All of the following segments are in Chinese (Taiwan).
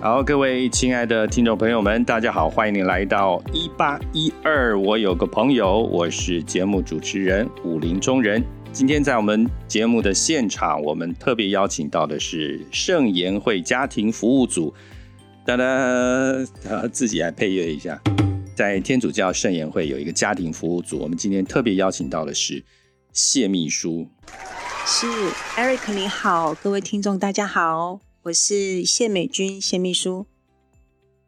好，各位親愛的聽眾朋友們，大家好，歡迎你來到一八一二。我有個朋友，我是節目主持人武林中人。今天在我們節目的現場，我們特別邀請到的是聖言會家庭服務組。噠噠，自己來配樂一下。在天主教聖言會有一個家庭服務組，我們今天特別邀請到的是謝秘書。是，Eric，你好，各位聽眾，大家好。我是謝美君，謝秘書。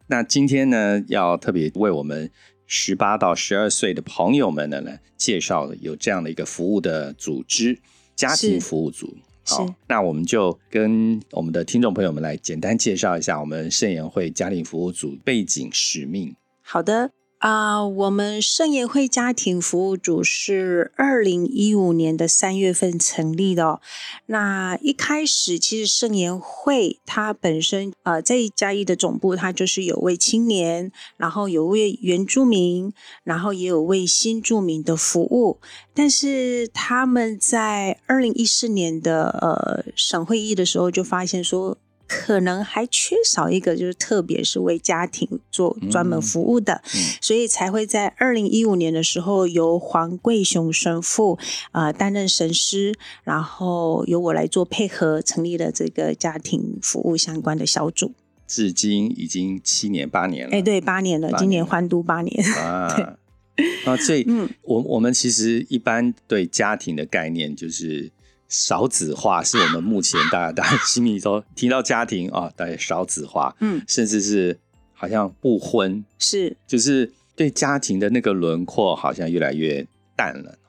那今天呢，要特別為我們十八到十二歲的朋友們呢，介紹有這樣的一個服務的組織——家庭服務組。是好，是那我們就跟我們的聽眾朋友們來簡單介紹一下我們聖言會家庭服務組背景、使命。好的。啊，uh, 我們聖言會家庭服務組是二零一五年的三月份成立的哦。那一開始，其實聖言會它本身，呃，在嘉義的總部，它就是有為青年，然後有為原住民，然後也有為新住民的服務。但是他們在二零一四年的呃省會議的時候，就發現說。可能還缺少一個，就是特別是為家庭做專門服務的，嗯嗯、所以才會在二零一五年的時候，由黃貴雄神父啊、呃、擔任神師，然後由我來做配合，成立了這個家庭服務相關的小組。至今已經七年八年了，哎，對，八年了，年了今年歡度八年啊。 對那所以，嗯、我我們其實一般對家庭的概念就是。少子化是我們目前大家大家心裡都提到家庭啊、哦，大家少子化，嗯，甚至是好像不婚，是，就是對家庭的那個輪廓好像越來越。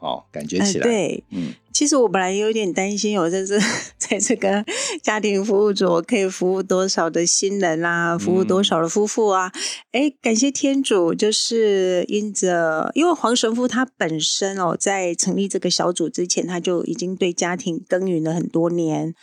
哦、感覺起來、呃、對，嗯、其實我本來有點擔心、哦，我在這，在這個家庭服務組，可以服務多少的新人啊，哦、服務多少的夫婦啊？嗯、哎、感謝天主，就是因着，因為黃神父他本身哦，在成立這個小組之前，他就已經對家庭耕耘了很多年，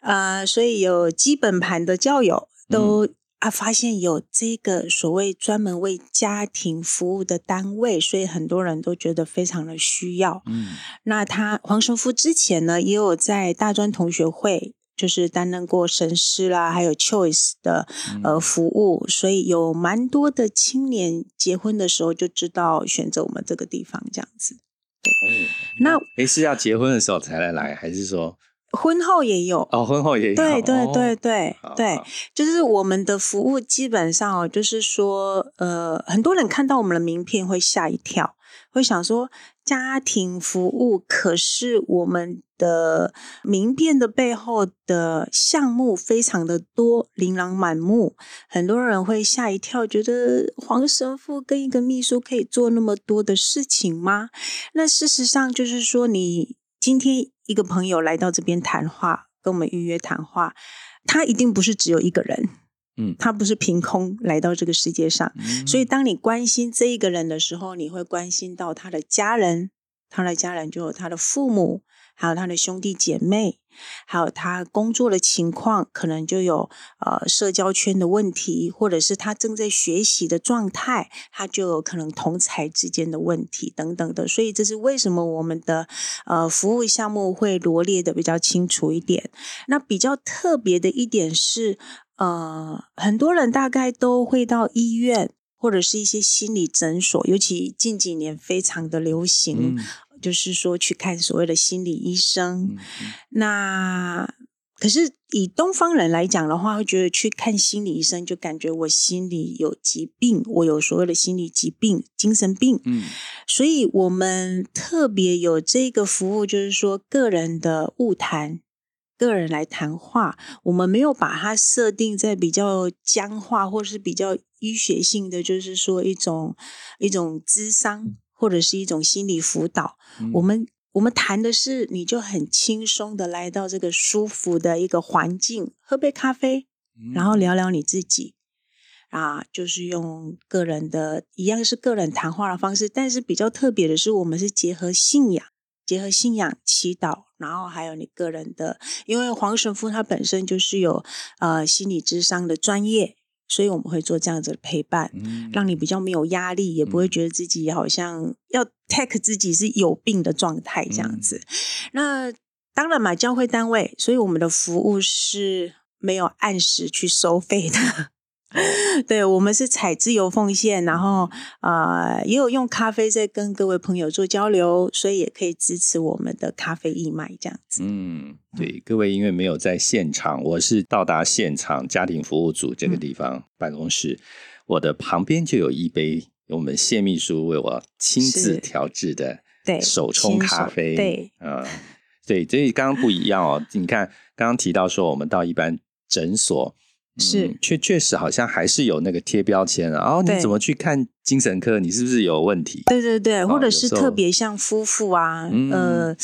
啊、呃，所以有基本盤的教友都、嗯。啊，發現有這個所謂專門為家庭服務的單位，所以很多人都覺得非常的需要。嗯，那他黃神父之前呢，也有在大專同學會就是擔任過神師啦，還有 Choice 的呃、嗯、服務，所以有蠻多的青年結婚的時候就知道選擇我們這個地方這樣子。對，哦、那誒是要結婚的時候才來來，還是說？婚後也有哦，婚後也有。對對對對、哦、對，就是我們的服務基本上哦，就是說，呃，很多人看到我們的名片會嚇一跳，會想說家庭服務。可是我們的名片的背後的項目非常的多，琳琅滿目。很多人會嚇一跳，覺得黃神父跟一個秘書可以做那麼多的事情嗎？那事實上就是說你。今天一個朋友來到這邊談話，跟我們預約談話，他一定不是只有一個人，嗯，他不是憑空來到這個世界上，嗯，所以當你關心這一個人的時候，你會關心到他的家人，他的家人就有他的父母。還有他的兄弟姐妹，還有他工作的情況，可能就有呃社交圈的問題，或者是他正在學習的狀態，他就有可能同儕之間的問題等等的。所以這是為什麼我們的呃服務項目會羅列得比較清楚一點。那比較特別的一點是，呃，很多人大概都會到醫院或者是一些心理診所，尤其近幾年非常的流行。嗯就是說去看所謂的心理醫生，嗯嗯、那可是以東方人來講的話，會覺得去看心理醫生就感覺我心裡有疾病，我有所謂的心理疾病、精神病。嗯、所以我們特別有這個服務，就是說個人的晤談，個人來談話，我們沒有把它設定在比較僵化或是比較醫學性的，就是說一種一種諮商。嗯或者是一種心理輔導，嗯、我們我們談的是，你就很輕鬆的來到這個舒服的一個環境，喝杯咖啡，然後聊聊你自己。嗯、啊，就是用個人的，一樣是個人談話的方式，但是比較特別的是，我們是結合信仰，結合信仰、祈禱，然後還有你個人的，因為黃神父他本身就是有呃心理諮商的專業。所以我們會做這樣子的陪伴，讓你比較沒有壓力，也不會覺得自己好像要 take 自己是有病的狀態這樣子。嗯。那當然嘛，教會單位，所以我們的服務是沒有按時去收費的。對，我們是採自由奉獻，然後啊、呃、也有用咖啡在跟各位朋友做交流，所以也可以支持我們的咖啡義賣這樣子。嗯，對，各位因為沒有在現場，我是到達現場家庭服務組這個地方辦公室，嗯、我的旁邊就有一杯我們謝秘書為我親自調制的對手沖咖啡，對，啊、嗯，對，所以剛剛不一樣哦， 你看剛剛提到說我們到一般診所。嗯、是，確確實好像還是有那個貼標籤然、啊、後、哦、你怎麼去看精神科？對你是不是有問題？對對對，哦、或者是特別像夫婦啊？嗯、呃，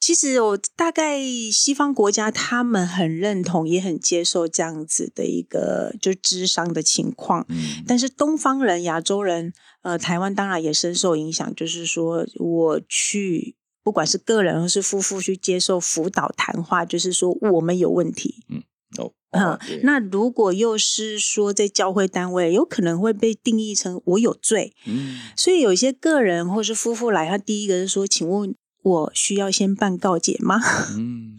其實我大概西方國家他們很認同，也很接受這樣子的一個就是諮商的情況。嗯、但是東方人、亞洲人，呃，台灣當然也深受影響。就是說，我去不管是個人或是夫婦去接受輔導談話，就是說我們有問題。嗯。哦、oh, oh, yeah. 嗯，那如果又是說在教會單位，有可能會被定義成我有罪。嗯、所以有些個人或是夫婦來，他第一個是說，請問我需要先辦告解嗎？嗯、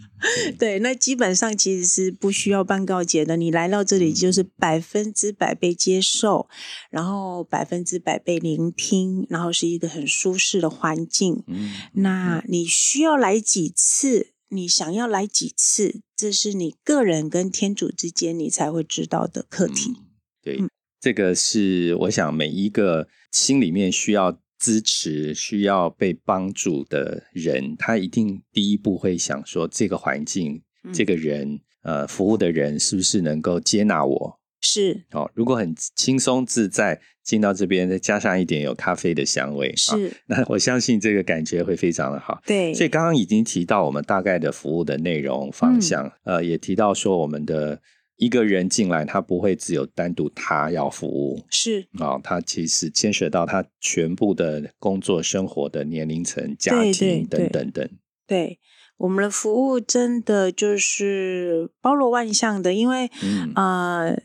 對， 對。那基本上其實是不需要辦告解的。你來到這裡就是百分之百被接受，嗯、然後百分之百被聆聽，然後是一個很舒適的環境。嗯、那你需要來幾次？你想要來幾次？這是你個人跟天主之間你才會知道的課題。嗯、對，嗯、這個是我想每一個心裡面需要支持、需要被幫助的人，他一定第一步會想說：這個環境、嗯、這個人，呃，服務的人是不是能夠接納我？是，好、哦，如果很輕鬆自在進到這邊，再加上一點有咖啡的香味，是、哦，那我相信這個感覺會非常的好。對，所以剛剛已經提到我們大概的服務的內容方向，嗯、呃，也提到說我們的一個人進來，他不會只有單獨他要服務，是哦，他其實牽涉到他全部的工作、生活的年齡層、家庭等等等，對，對，對，對。對我們的服務真的就是包羅萬象的，因為，嗯、呃，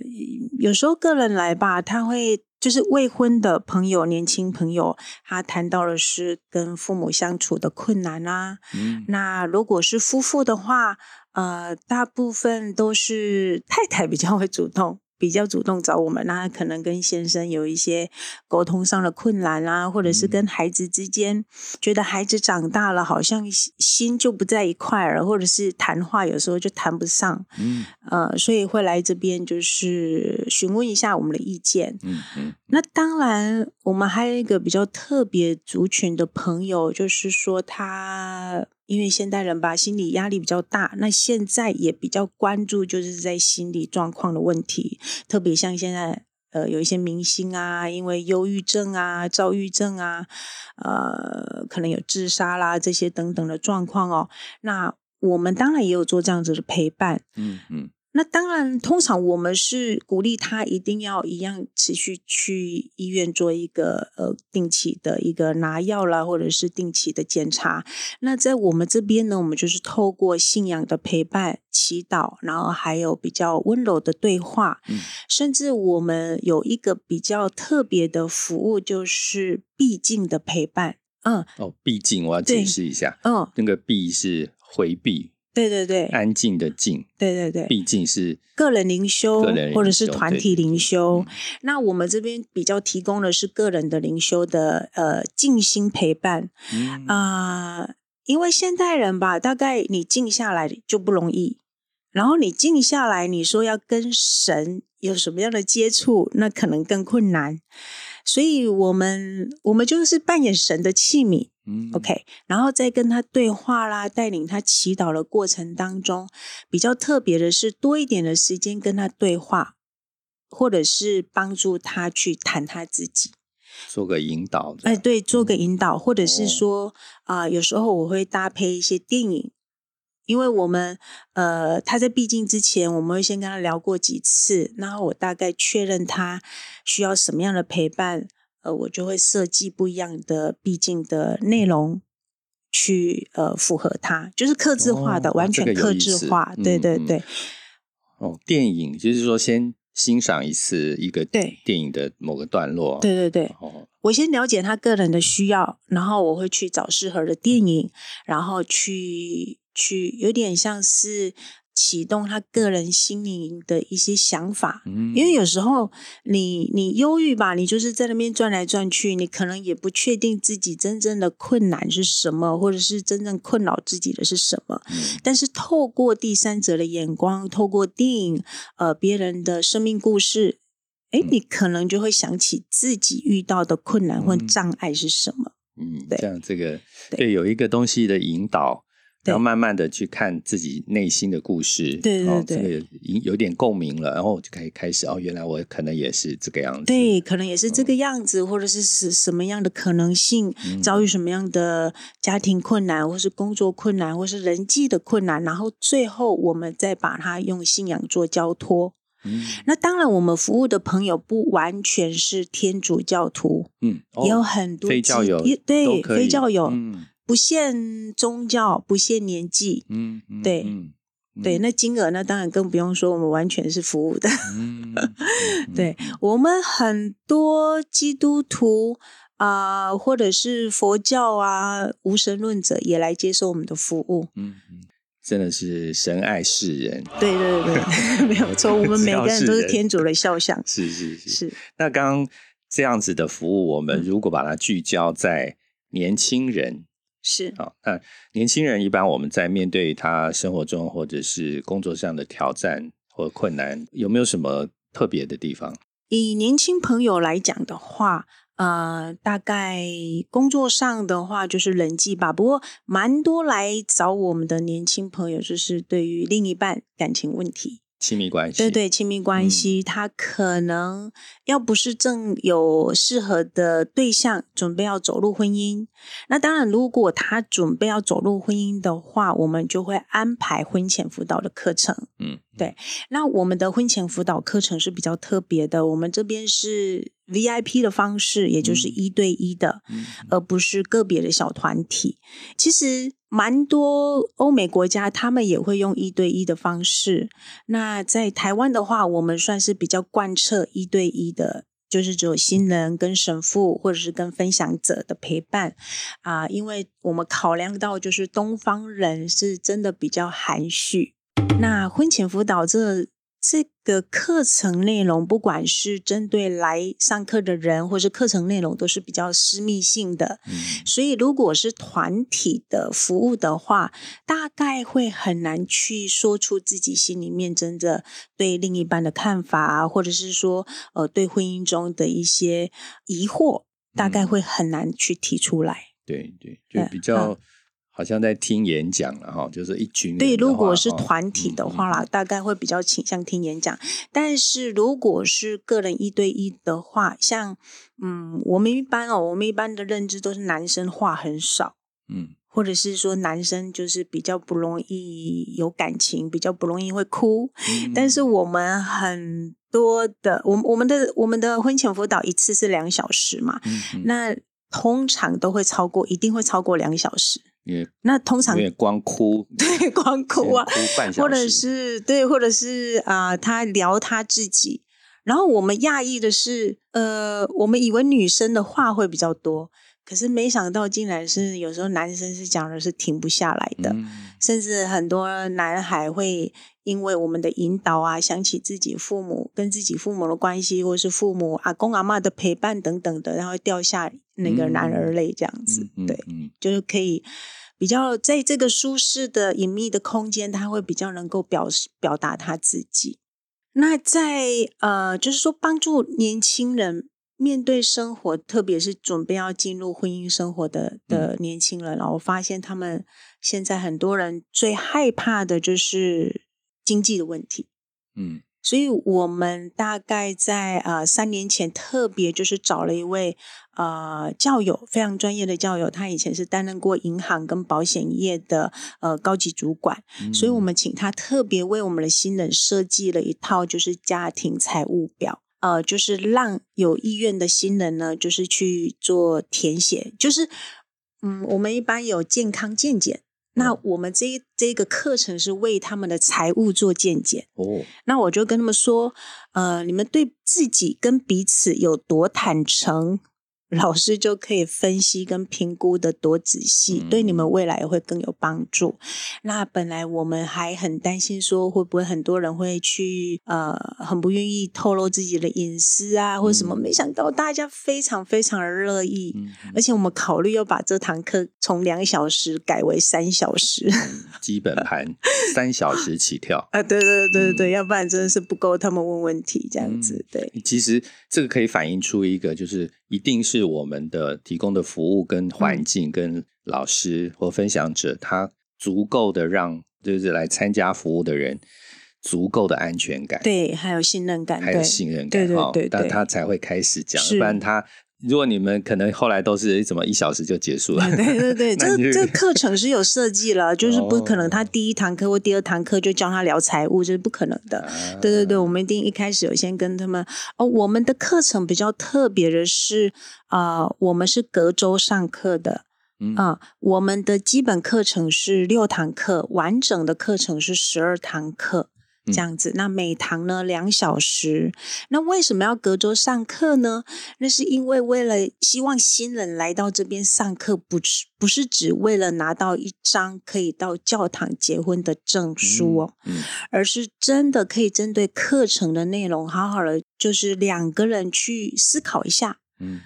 有時候個人來吧，他會就是未婚的朋友、年輕朋友，他談到的是跟父母相處的困難啊。嗯、那如果是夫婦的話，呃，大部分都是太太比較會主動。比較主動找我們，那可能跟先生有一些溝通上的困難啊，或者是跟孩子之間、嗯、覺得孩子長大了，好像心就不在一塊了，或者是談話有時候就談不上，嗯，呃，所以會來這邊就是詢問一下我們的意見。嗯嗯，嗯那當然，我們還有一個比較特別族群的朋友，就是說他。因為現代人吧，心理壓力比較大，那現在也比較關注，就是在心理狀況的問題，特別像現在，呃，有一些明星啊，因為憂鬱症啊、躁鬱症啊，呃，可能有自殺啦這些等等的狀況哦。那我們當然也有做這樣子的陪伴，嗯嗯。嗯那當然，通常我們是鼓勵他一定要一樣持續去醫院做一個呃定期的一個拿藥啦，或者是定期的檢查。那在我們這邊呢，我們就是透過信仰的陪伴、祈禱，然後還有比較溫柔的對話，嗯、甚至我們有一個比較特別的服務，就是避靜的陪伴。嗯，哦，避靜，我要解釋一下，嗯那個避是回避。對對對，安靜的靜，對對對，畢竟是個人靈修或者是團體靈修。對對對。那我們這邊比較提供的是個人的靈修的呃靜心陪伴啊。嗯。呃，因為現代人吧，大概你靜下來就不容易，然後你靜下來，你說要跟神有什麼樣的接觸，對那可能更困難。所以，我們我們就是扮演神的器皿。嗯，OK，然後在跟他對話啦，帶領他祈禱的過程當中，比較特別的是多一點的時間跟他對話，或者是幫助他去談他自己，做個引導的。哎、呃，對，做個引導，或者是說啊、哦呃，有時候我會搭配一些電影，因為我們呃，他在避靜之前，我們會先跟他聊過幾次，然後我大概確認他需要什麼樣的陪伴。呃，我就會設計不一樣的畢竟的內容去，去呃符合它，就是客製化的。哦哦、完全客製化，嗯、對對對。哦，電影就是說，先欣賞一次一個電影的某個段落，對，對對對。哦、我先了解他個人的需要，然後我會去找適合的電影，嗯、然後去去有點像是。啟動他個人心裡的一些想法，因為有時候你你憂鬱吧，你就是在那邊轉來轉去，你可能也不確定自己真正的困難是什麼，或者是真正困擾自己的是什麼。嗯，但是透過第三者的眼光，透過電影，呃，別人的生命故事，哎，你可能就會想起自己遇到的困難或障礙是什麼。嗯，這樣對這個對有一個東西的引導。然後慢慢的去看自己內心的故事，對對對，哦、有點共鳴了，然後就可以開始，哦，原來我可能也是這個樣子，對，可能也是這個樣子，嗯、或者是什什麼樣的可能性，嗯、遭遇什麼樣的家庭困難，或者是工作困難，或者是人際的困難，然後最後我們再把它用信仰做交托。嗯、那當然我們服務的朋友不完全是天主教徒，嗯，哦、也有很多非教友，對，非教友。嗯不限宗教，不限年紀、嗯，嗯，對，嗯、對，那金額呢？當然更不用說，我們完全是服務的。嗯嗯、對，我們很多基督徒啊、呃，或者是佛教啊，無神論者也來接受我們的服務。嗯，真的是神愛世人。對對對， 沒有錯，我們每個人都是天主的肖像。是，是是是。是，那剛這樣子的服務，我們如果把它聚焦在年輕人。是啊，那年輕人一般我們在面對他生活中或者是工作上的挑戰或困難，有沒有什麼特別的地方？以年輕朋友來講的話，呃，大概工作上的話就是人際吧。不過，蠻多來找我們的年輕朋友，就是對於另一半感情問題。親密關係，對對，親密關係，嗯、他可能要不是正有適合的對象，準備要走入婚姻。那當然，如果他準備要走入婚姻的話，我們就會安排婚前輔導的課程。嗯。對，那我們的婚前輔導課程是比較特別的，我們這邊是 VIP 的方式，也就是一對一的，而不是個別的小團體。其實蠻多歐美國家他們也會用一對一的方式。那在台灣的話，我們算是比較貫徹一對一的，就是只有新人跟神父或者是跟分享者的陪伴啊、呃，因為我們考量到就是東方人是真的比較含蓄。那婚前輔導這這個課程內容，不管是針對來上課的人，或是課程內容，都是比較私密性的。嗯，所以如果是團體的服務的話，大概會很難去說出自己心裡面真的對另一半的看法啊，或者是說呃，對婚姻中的一些疑惑，大概會很難去提出來。嗯。對對，就比較，嗯。啊。好像在聽演講了哈，就是一群人。對，如果是團體的話啦，嗯嗯、大概會比較傾向聽演講。但是如果是個人一對一的話，像嗯，我們一般哦，我們一般的認知都是男生話很少，嗯，或者是說男生就是比較不容易有感情，比較不容易會哭。嗯、但是我們很多的，我我們的我們的婚前輔導一次是兩小時嘛，嗯嗯、那通常都會超過，一定會超過兩小時。嗯，也那通常光哭對光哭啊，哭半小時或者是對，或者是啊、呃，他聊他自己。然後我們訝異的是，呃，我們以為女生的話會比較多。可是沒想到，竟然是有時候男生是講的是停不下來的，嗯、甚至很多男孩會因為我們的引導啊，想起自己父母跟自己父母的關係，或是父母阿公阿嬤的陪伴等等的，然後掉下那個男兒淚這樣子。嗯、對，就是可以比較在這個舒適的隱秘的空間，他會比較能夠表示表達他自己。那在呃，就是說幫助年輕人，面對生活，特別是準備要進入婚姻生活的的年輕人，嗯、然後我發現他們現在很多人最害怕的就是經濟的問題。嗯，所以我們大概在呃三年前，特別就是找了一位呃教友，非常專業的教友，他以前是擔任過銀行跟保險業的呃高級主管，嗯、所以我們請他特別為我們的新人設計了一套就是家庭財務表。呃，就是讓有意願的新人呢，就是去做填寫。就是，嗯，我們一般有健康健檢，那我們這一這個課程是為他們的財務做健檢。哦，那我就跟他們說，呃，你們對自己跟彼此有多坦誠？嗯老師就可以分析跟評估的多仔細，嗯、對你們未來也會更有幫助。那本來我們還很擔心說，會不會很多人會去呃很不願意透露自己的隱私啊或什麼，沒想到大家非常非常的樂意，嗯嗯、而且我們考慮要把這堂課從兩小時改為三小時，基本盤 三小時起跳。啊對對對對對，嗯、要不然真的是不夠他們問問題這樣子。對、嗯，其實這個可以反映出一個就是。一定是我們的提供的服務跟環境跟老師或分享者，他足夠的讓就是來參加服務的人足夠的安全感，對，還有信任感，還有信任感哈，那他對、哦、才會開始講，不然他。如果你們可能後來都是怎麼一小時就結束了？對對對， 男日 這這課程是有設計了，就是不可能他第一堂課或第二堂課就教他聊財務，這、就是不可能的。對對對，我們一定一開始有先跟他們。哦，我們的課程比較特別的是，啊、呃，我們是隔周上課的。嗯、呃，我們的基本課程是六堂課，完整的課程是十二堂課。這樣子，那每堂呢？兩小時。那為什麼要隔週上課呢？那是因為為了希望新人來到這邊上課不，不是不是只為了拿到一張可以到教堂結婚的證書哦，嗯嗯、而是真的可以針對課程的內容，好好的就是兩個人去思考一下。嗯，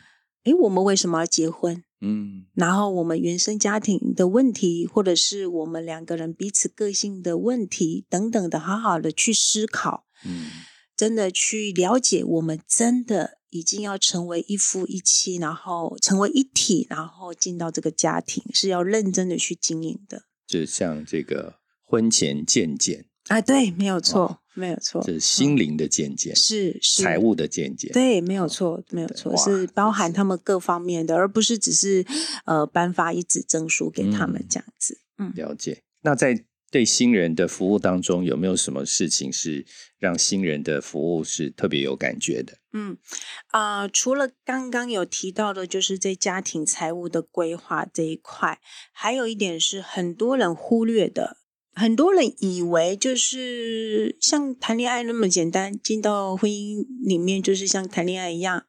誒，我們為什麼要結婚？嗯，然後我們原生家庭的問題，或者是我們兩個人彼此個性的問題等等的，好好的去思考。嗯，真的去了解，我們真的已經要成為一夫一妻，然後成為一體，然後進到這個家庭，是要認真的去經營的。就像這個婚前見見。啊，對，沒有錯，哇沒有錯，是心靈的見解，嗯，是，是財務的見解，對，沒有錯，哦、沒有錯，哇是包含他們各方面的，是而不是只是呃頒發一紙證書給他們這樣子。嗯，嗯，了解。那在對新人的服務當中，有沒有什麼事情是讓新人的服務是特別有感覺的？嗯啊、呃，除了剛剛有提到的，就是在家庭財務的規劃這一塊，還有一點是很多人忽略的。很多人以為就是像談戀愛那麼簡單，進到婚姻裡面就是像談戀愛一樣，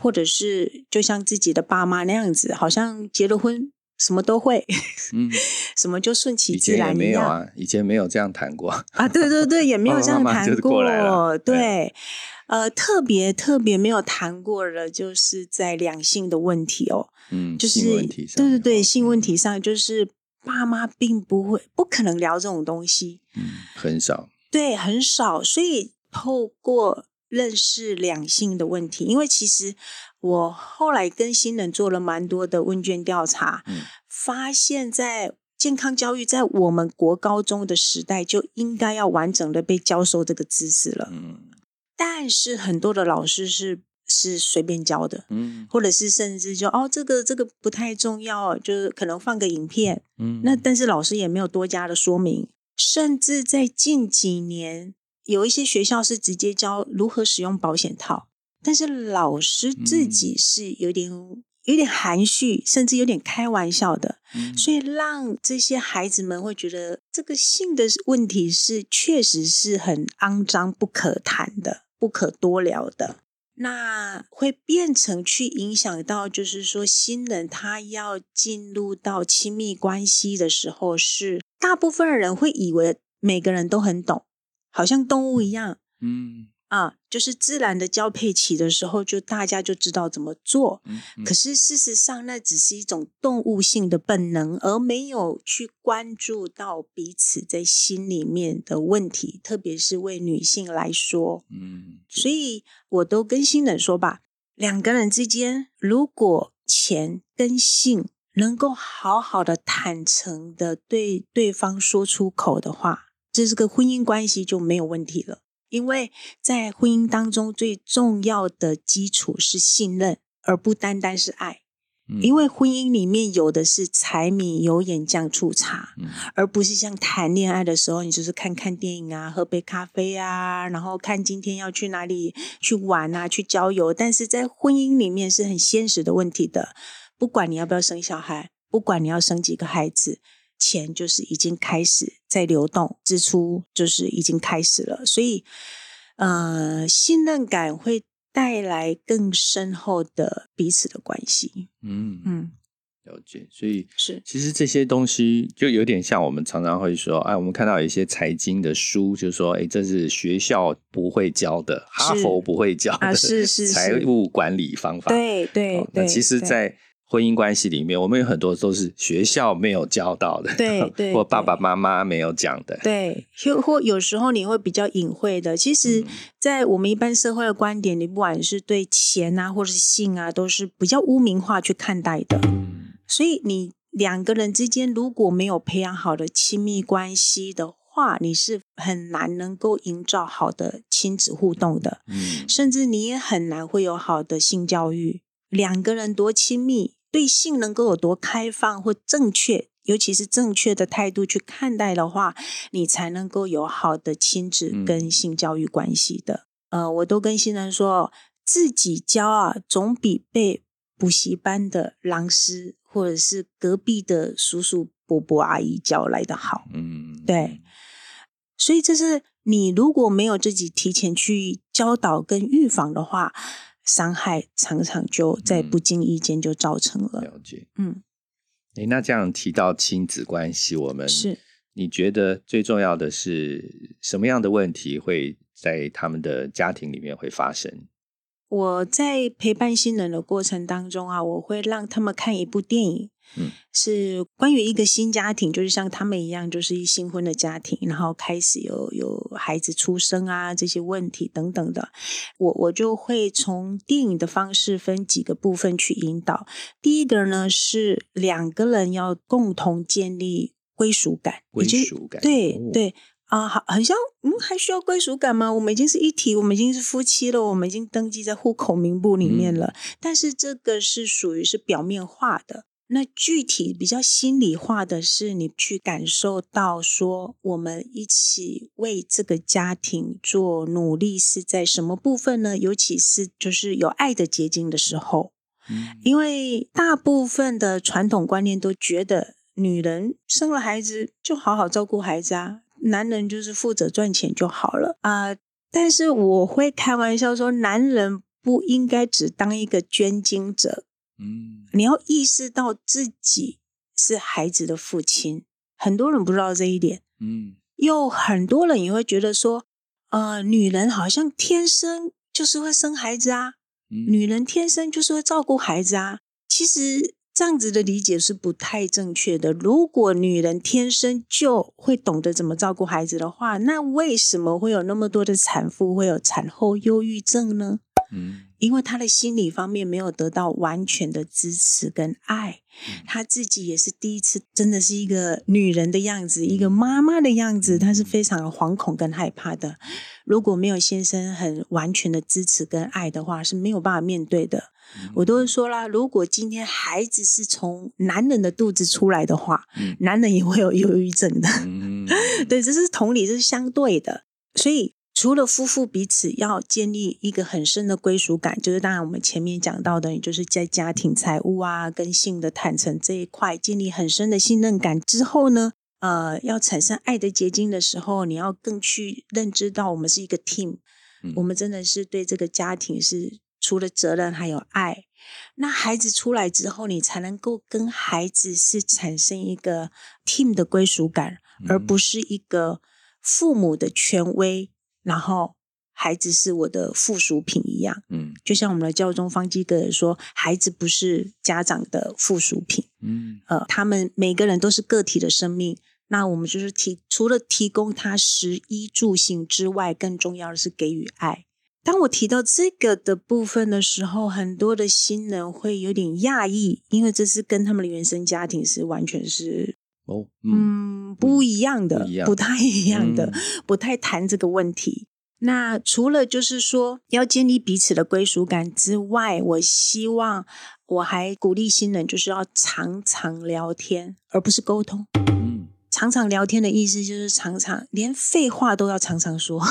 或者是就像自己的爸媽那樣子，好像結了婚什麼都會，嗯，什麼就順其自然。以前沒有啊，以前沒有這樣談過啊，對對對，也沒有這樣談過，媽媽媽過對，嗯，呃，特別特別沒有談過的，就是在兩性的問題哦，嗯，就是對對對，性問題上就是。爸媽並不會，不可能聊這種東西。嗯，很少。對，很少。所以透過認識兩性的問題，因為其實我後來跟新人做了蠻多的問卷調查，嗯，發現，在健康教育在我們國高中的時代就應該要完整的被教授這個知識了。嗯，但是很多的老師是。是隨便教的，嗯，或者是甚至就哦，這個這個不太重要，就是可能放個影片，嗯嗯，那但是老師也沒有多加的說明，甚至在近幾年，有一些學校是直接教如何使用保險套，但是老師自己是有點嗯嗯有點含蓄，甚至有點開玩笑的，嗯嗯所以讓這些孩子們會覺得這個性的問題是確實是很骯髒、不可談的、不可多聊的。那會變成去影響到，就是說新人他要進入到親密關係的時候，是大部分人會以為每個人都很懂，好像動物一樣，嗯。啊，就是自然的交配期的時候，就大家就知道怎麼做。嗯嗯、可是事實上，那只是一種動物性的本能，而沒有去關注到彼此在心裡面的問題，特別是為女性來說。嗯，所以我都跟新人說吧，兩個人之間如果錢跟性能夠好好的、坦誠的對對方說出口的話，這是個婚姻關係就沒有問題了。因為在婚姻當中，最重要的基礎是信任，而不單單是愛。嗯、因為婚姻裡面有的是柴米油鹽醬醋茶，嗯、而不是像談戀愛的時候，你就是看看電影啊，喝杯咖啡啊，然後看今天要去哪裡去玩啊，去郊遊。但是在婚姻裡面是很現實的問題的，不管你要不要生小孩，不管你要生幾個孩子。錢就是已經開始在流動，支出就是已經開始了，所以，呃，信任感會帶來更深厚的彼此的關係。嗯嗯，嗯了解。所以是，其實這些東西就有點像我們常常會說，哎，我們看到有一些財經的書，就是說，哎，這是學校不會教的，是哈佛不會教的，啊、是是,是,是財務管理方法。對對，對好對那其實，在。對婚姻關係裡面，我們有很多都是學校沒有教到的，對，對，或爸爸媽媽沒有講的，對，或有時候你會比較隱晦的。其實，在我們一般社會的觀點，嗯，你不管是對錢啊，或者是性啊，都是比較污名化去看待的。所以你兩個人之間如果沒有培養好的親密關係的話，你是很難能夠營造好的親子互動的。嗯，甚至你也很難會有好的性教育。兩個人多親密。對性能夠有多開放或正確，尤其是正確的態度去看待的話，你才能夠有好的親子跟性教育關係的。嗯、呃，我都跟新人說，自己教啊，總比被補習班的狼師或者是隔壁的叔叔伯伯阿姨教來的好。嗯，對。所以這是你如果沒有自己提前去教導跟預防的話。傷害常常就在不經意間就造成了。嗯、了解，嗯，哎、欸，那這樣提到親子關係，我們是，你覺得最重要的是什麼樣的問題會在他們的家庭裡面會發生？我在陪伴新人的過程當中啊，我會讓他們看一部電影。嗯，是關於一個新家庭，就是像他們一樣，就是一新婚的家庭，然後開始有有孩子出生啊，這些問題等等的。我我就會從電影的方式分幾個部分去引導。第一個呢，是兩個人要共同建立歸屬感，歸屬感，對、哦、對啊，好、呃，很像，嗯，還需要歸屬感嗎？我們已經是一體，我們已經是夫妻了，我們已經登記在戶口名簿裡面了，嗯、但是這個是屬於是表面化的。那具體比較心裡話的是，你去感受到說，我們一起為這個家庭做努力是在什麼部分呢？尤其是就是有愛的結晶的時候，因為大部分的傳統觀念都覺得，女人生了孩子就好好照顧孩子啊，男人就是負責賺錢就好了啊、呃。但是我會開玩笑說，男人不應該只當一個捐精者。嗯，你要意識到自己是孩子的父親，很多人不知道這一點。嗯，又很多人也會覺得說，呃，女人好像天生就是會生孩子啊，嗯、女人天生就是會照顧孩子啊。其實。這樣子的理解是不太正確的。如果女人天生就會懂得怎麼照顧孩子的話，那為什麼會有那麼多的產婦會有產後憂鬱症呢？嗯，因為她的心理方面沒有得到完全的支持跟愛，嗯，她自己也是第一次，真的是一個女人的樣子，嗯，一個媽媽的樣子，嗯，她是非常惶恐跟害怕的。如果沒有先生很完全的支持跟愛的話，是沒有辦法面對的。我都是說啦，如果今天孩子是從男人的肚子出來的話，男人也會有憂鬱症的。 對，這是同理，這是相對的。所以，除了夫婦彼此要建立一個很深的歸屬感，就是當然我們前面講到的，就是在家，家庭財務啊、跟性的坦誠這一塊建立很深的信任感之後呢，呃，要產生愛的結晶的時候，你要更去認知到我們是一個 team，我們真的是對這個家庭是。除了責任，還有愛。那孩子出來之後，你才能夠跟孩子是產生一個 team 的歸屬感，嗯、而不是一個父母的權威，然後孩子是我的附屬品一樣。嗯，就像我們的教宗方濟各也說，孩子不是家長的附屬品。嗯，呃，他們每個人都是個體的生命。那我們就是提除了提供他食衣住行之外，更重要的是給予愛。當我提到這個的部分的時候，很多的新人會有點訝異，因為這是跟他們的原生家庭是完全是、哦、嗯，嗯，不一樣的，嗯、不太一樣的，嗯、不太談這個問題。那除了就是說要建立彼此的歸屬感之外，我希望我還鼓勵新人就是要常常聊天，而不是溝通。嗯、常常聊天的意思就是常常，連廢話都要常常說。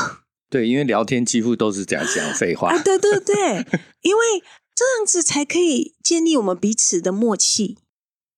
對，因為聊天幾乎都是這樣講廢話。啊、對對對， 因為這樣子才可以建立我們彼此的默契。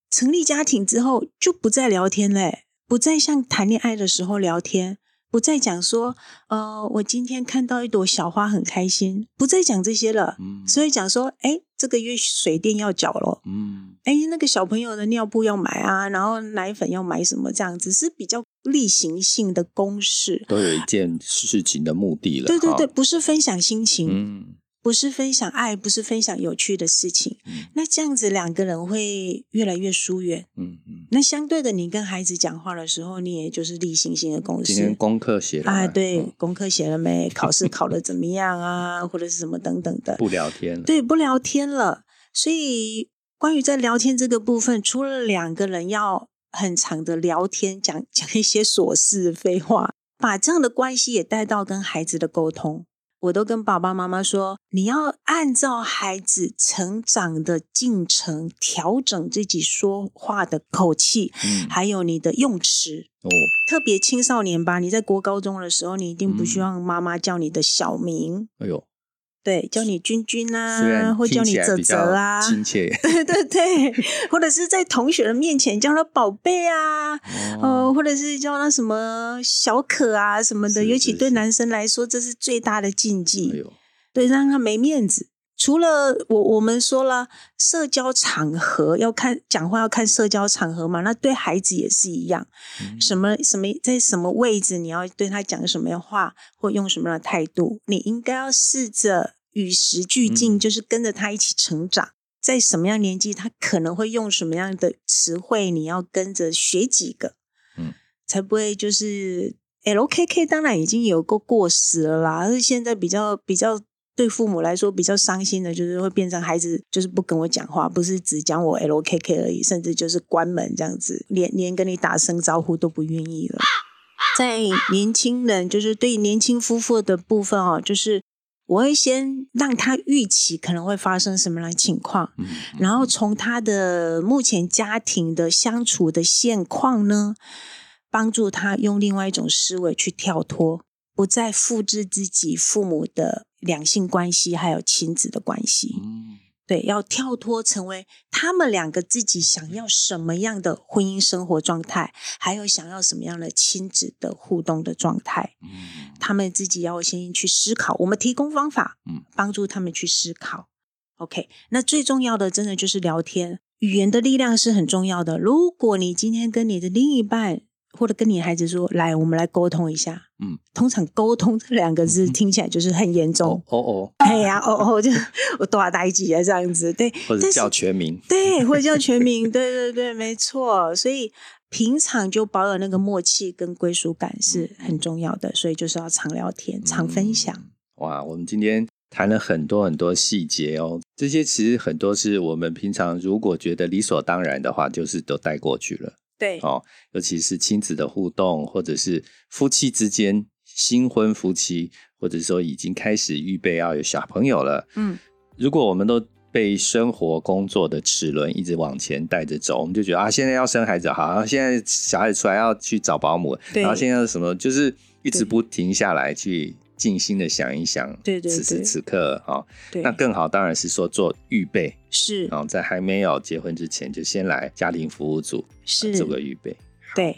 成立家庭之後，就不再聊天嘞，不再像談戀愛的時候聊天，不再講說，呃，我今天看到一朵小花很開心，不再講這些了。嗯、所以講說，哎。這個月水電要繳了，嗯，哎，那個小朋友的尿布要買啊，然後奶粉要買什麼這樣子，子是比較例行性的公事，都有一件事情的目的了，對對對，好不是分享心情，嗯。不是分享愛，不是分享有趣的事情。嗯、那這樣子兩個人會越來越疏遠，嗯。嗯嗯。那相對的，你跟孩子講話的時候，你也就是例行性的公事。今天功課寫了嗎？哎、啊，對，嗯、功課寫了沒？考試考得怎麼樣啊？ 或者是什麼等等的。不聊天了。對，不聊天了。所以，關於在聊天這個部分，除了兩個人要很長的聊天，講講一些瑣事、廢話，把這樣的關係也帶到跟孩子的溝通。我都跟爸爸媽媽說，你要按照孩子成長的進程，調整自己說話的口氣，嗯、還有你的用詞。哦、特別青少年吧，你在國高中的時候，你一定不希望媽媽叫你的小名。嗯哎呦對，叫你君君啊，或叫你澤澤啊，親切。 對對對，或者是在同學的面前叫他寶貝啊，哦、呃，或者是叫他什麼小可啊什麼的。是是是是，尤其對男生來說，這是最大的禁忌，哎、呦對，讓他沒面子。除了我我們說了，社交場合要看講話，要看社交場合嘛，那對孩子也是一樣，嗯、什麼什麼在什麼位置，你要對他講什麼樣話，或用什麼樣的態度，你應該要試着。與時俱進，嗯、就是跟着他一起成長。在什麼樣年紀，他可能會用什麼樣的詞彙，你要跟着學幾個，嗯，才不會就是 LKK。當然，已經有個過時了啦。而現在比較比較對父母來說比較傷心的，就是會變成孩子就是不跟我講話，不是只講我 LKK 而已，甚至就是關門這樣子，連連跟你打聲招呼都不願意了。在年輕人，就是對年輕夫婦的部分哦、啊，就是。我會先讓他預期可能會發生什麼樣的情況，嗯、然後從他的目前家庭的相處的現況呢，幫助他用另外一種思維去跳脫，不再複製自己父母的兩性關係，還有親子的關係。嗯對，要跳脫成為他們兩個自己想要什麼樣的婚姻生活狀態，還有想要什麼樣的親子的互動的狀態。嗯，他們自己要先去思考，我們提供方法，幫助他們去思考。嗯，OK，那最重要的真的就是聊天，語言的力量是很重要的。如果你今天跟你的另一半，或者跟女孩子說，來，我們來溝通一下。嗯，通常溝通這兩個字聽起來就是很嚴重。哦哦，哦哦，哎呀，哦哦，就我多大幾啊這樣子對，對，或者叫全名，對，或者叫全名，對對對，沒錯。所以平常就保有那個默契跟歸屬感是很重要的，嗯，所以就是要常聊天、常分享，嗯。哇，我們今天談了很多很多細節哦，這些其實很多是我們平常如果覺得理所當然的話，就是都帶過去了。對，哦，尤其是親子的互動，或者是夫妻之間，新婚夫妻，或者說已經開始預備要有小朋友了，嗯，如果我們都被生活工作的齒輪一直往前帶着走，我們就覺得啊，現在要生孩子，好，現在小孩子出來要去找保姆，對然後現在什麼，就是一直不停下來去，靜心的想一想此此此此，對對對，此時此刻對。那更好當然是說做預備，是對，然後在還沒有結婚之前就先來家庭服務組，是、呃、做個預備。對，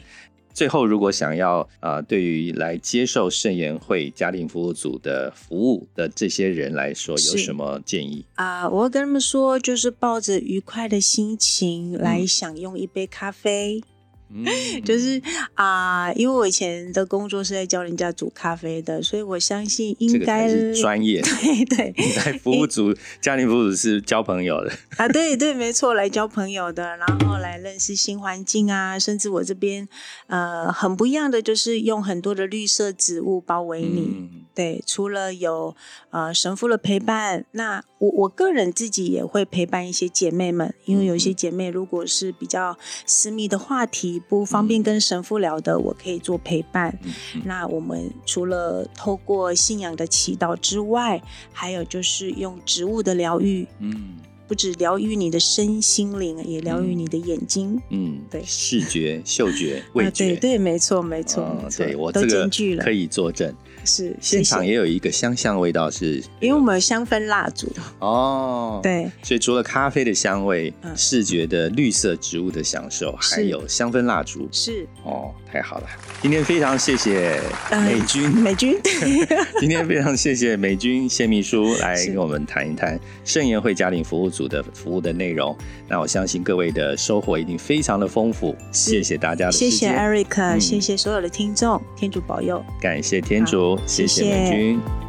最後如果想要啊、呃，對於來接受聖言會家庭服務組的服務的這些人來說，有什麼建議啊、呃？我會跟他們說，就是抱着愉快的心情來享用一杯咖啡。嗯嗯、 就是啊、呃，因為我以前的工作是在教人家煮咖啡的，所以我相信應該專業。對對，應該服務組、欸、家庭服務組是交朋友的 啊，對對，沒錯，來交朋友的，然後來認識新環境啊，甚至我這邊呃很不一樣的，就是用很多的綠色植物包圍你。嗯對，除了有神父的陪伴，那我我個人自己也會陪伴一些姐妹們，因為有些姐妹如果是比較私密的話題不方便跟神父聊的，我可以做陪伴。那我們除了透過信仰的祈禱之外，還有就是用植物的療癒，不止療癒你的身心靈，也療癒你的眼睛。嗯，對，視覺、嗅覺、味覺，對對，沒錯沒錯，對，我這個。可以作證。是現場也有一個香香味道，是，因為我們有香氛蠟燭。哦，對，所以除了咖啡的香味，呃、視覺的綠色植物的享受，是還有香氛蠟燭，是。哦，太好了，今天非常謝謝美君、呃、美君， 今天非常謝謝美君謝秘書來跟我們談一談聖言會家庭服務組的服務的內容。那我相信各位的收穫一定非常的豐富。謝謝大家的，謝謝 Eric，、嗯、謝謝所有的聽眾，天主保佑，感謝天主。謝謝雷軍。謝謝。